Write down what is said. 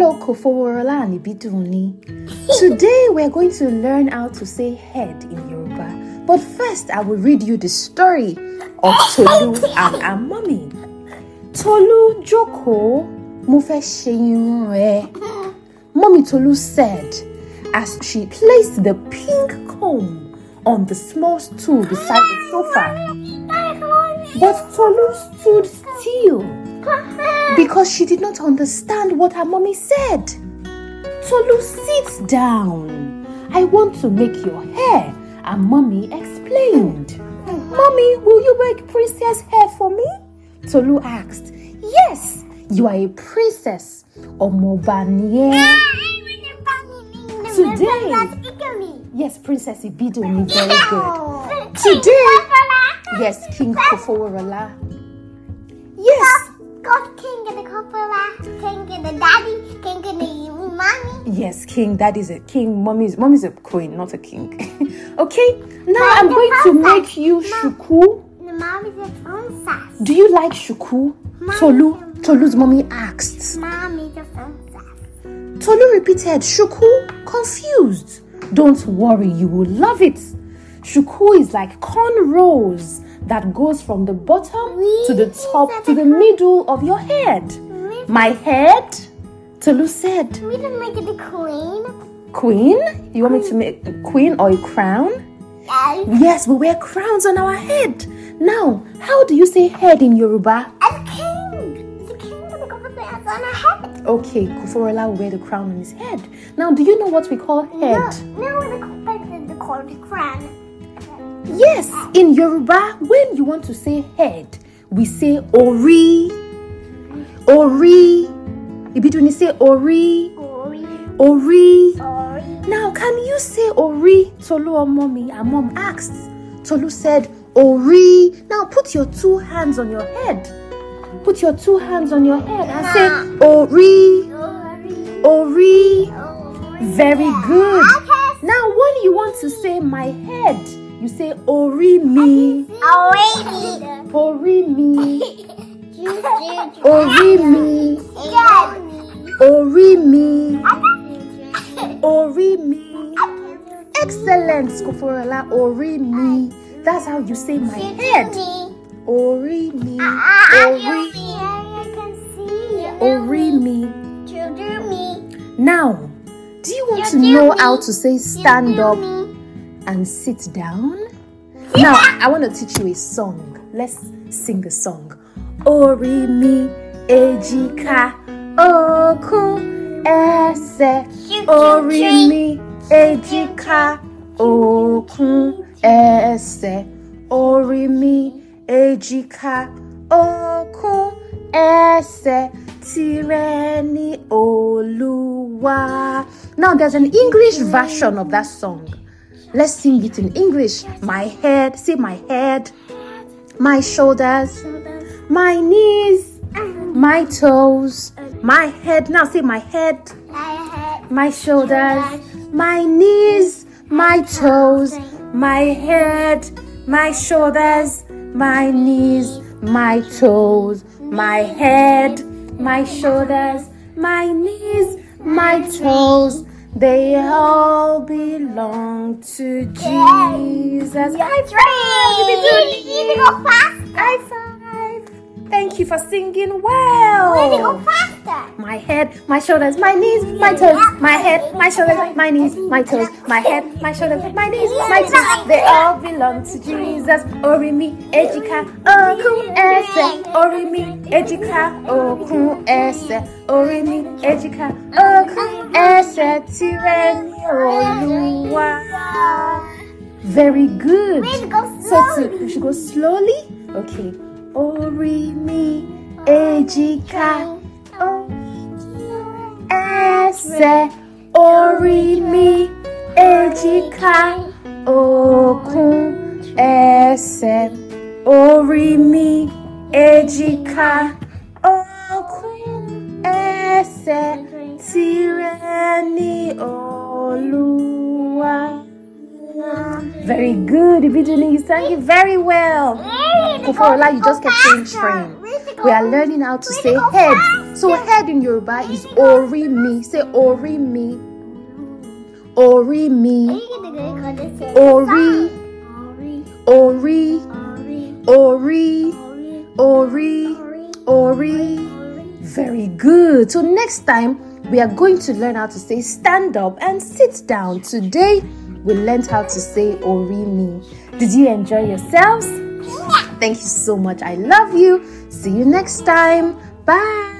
Hello Koforola and Ibiduni. Today we're going to learn how to say head in Yoruba. But first I will read you the story of Tolu and her mommy. Tolu Joko Mufesheyinre. Mommy Tolu said as she placed the pink comb on the small stool beside the sofa. But Tolu stood still because she did not understand what her mommy said. Tolu, sit down. I want to make your hair. And mommy explained. Mommy, will you make princess hair for me? Tolu asked. Yes, you are a princess. Ah, Omobanye. Today. Yes, Princess Ibidomi, very good. Today. Yes, King Kofoworola Yes, king. That is a king. Mommy is mommy is a queen, not a king. okay. Now I'm going to make you Mom. shuku. a princess. Do you like shuku? Mom Tolu. Tolu's mommy asked. Mom a princess. Tolu repeated shuku, confused. Don't worry, you will love it. Shuku is like corn rolls that goes from the bottom we to the top to the middle of your head. My head so Lou said. Can we make it the queen. Queen? You want queen. me to make a queen or a crown? Yes. Yes, we wear crowns on our head. Now, how do you say head in Yoruba? As king. The king of the on our head. Okay, Kuforola will wear the crown on his head. Now, do you know what we call head? No, no they call the crown. Yes, in Yoruba, when you want to say head, we say ori. Ori. You when you say Ori. Ori. Ori. Ori. Now, can you say Ori? Tolu or mommy? Our mom asked. Tolu said Ori. Now, put your two hands on your head. Put your two hands on your head and say Ori. Ori. Ori. Ori. Very good. Now, when you want to say my head, you say Ori me. Ori me. Ori me. Orí mi. Orí mi. Orí me. Excellent, Skoforola. Orí me. That's how you say my head. Orí mi. Orí mi. Orí me. Now, do you want to know how to say stand up and sit down? Now, I want to teach you a song. Let's sing a song orí mi èjìká oku ẹsẹ̀ orí mi èjìká oku ẹsẹ̀ orí mi èjìká oku ẹsẹ̀ tirẹ̀ ni Olúwa. Now there's an English version of that song. Let's sing it in English. My head, see my head, my shoulders my knees, my toes, my head. Now say my head, my shoulders, my knees, my toes, my head, my shoulders, my knees, my toes, my head, my shoulders, my knees, my toes. They all belong to Jesus. That's right. You it. You go Thank you for singing well. go faster? My head, my shoulders, my knees, my toes. My head, my shoulders, my knees, my toes. My head, my shoulders, my knees, my toes. They all belong to Jesus. Orimi, Ejika, Okun Ese. Orimi, Ejika, Okun Ese. Orimi, Ejika, Okun Ese. Tireni, Oluwa. Very good. So to, we should go slowly. Okay. O, Re, Mi, A, G, K, O, S, O, Re, Mi, A, G, K, O, Kun, S, O, Re, Mi, A, G, K, O, ese. S, ni Oluwa. Very good, Evangelist. Thank you very well. Okoforola, you just kept saying train. We are learning how to say head. So head in Yoruba is ori mi. Say ori mi. Ori mi. Ori. Ori. Ori. Ori. Ori. Very good. So next time we are going to learn how to say stand up and sit down. Today we learned how to say ori mi. Did you enjoy yourselves? Thank you so much. I love you. See you next time. Bye.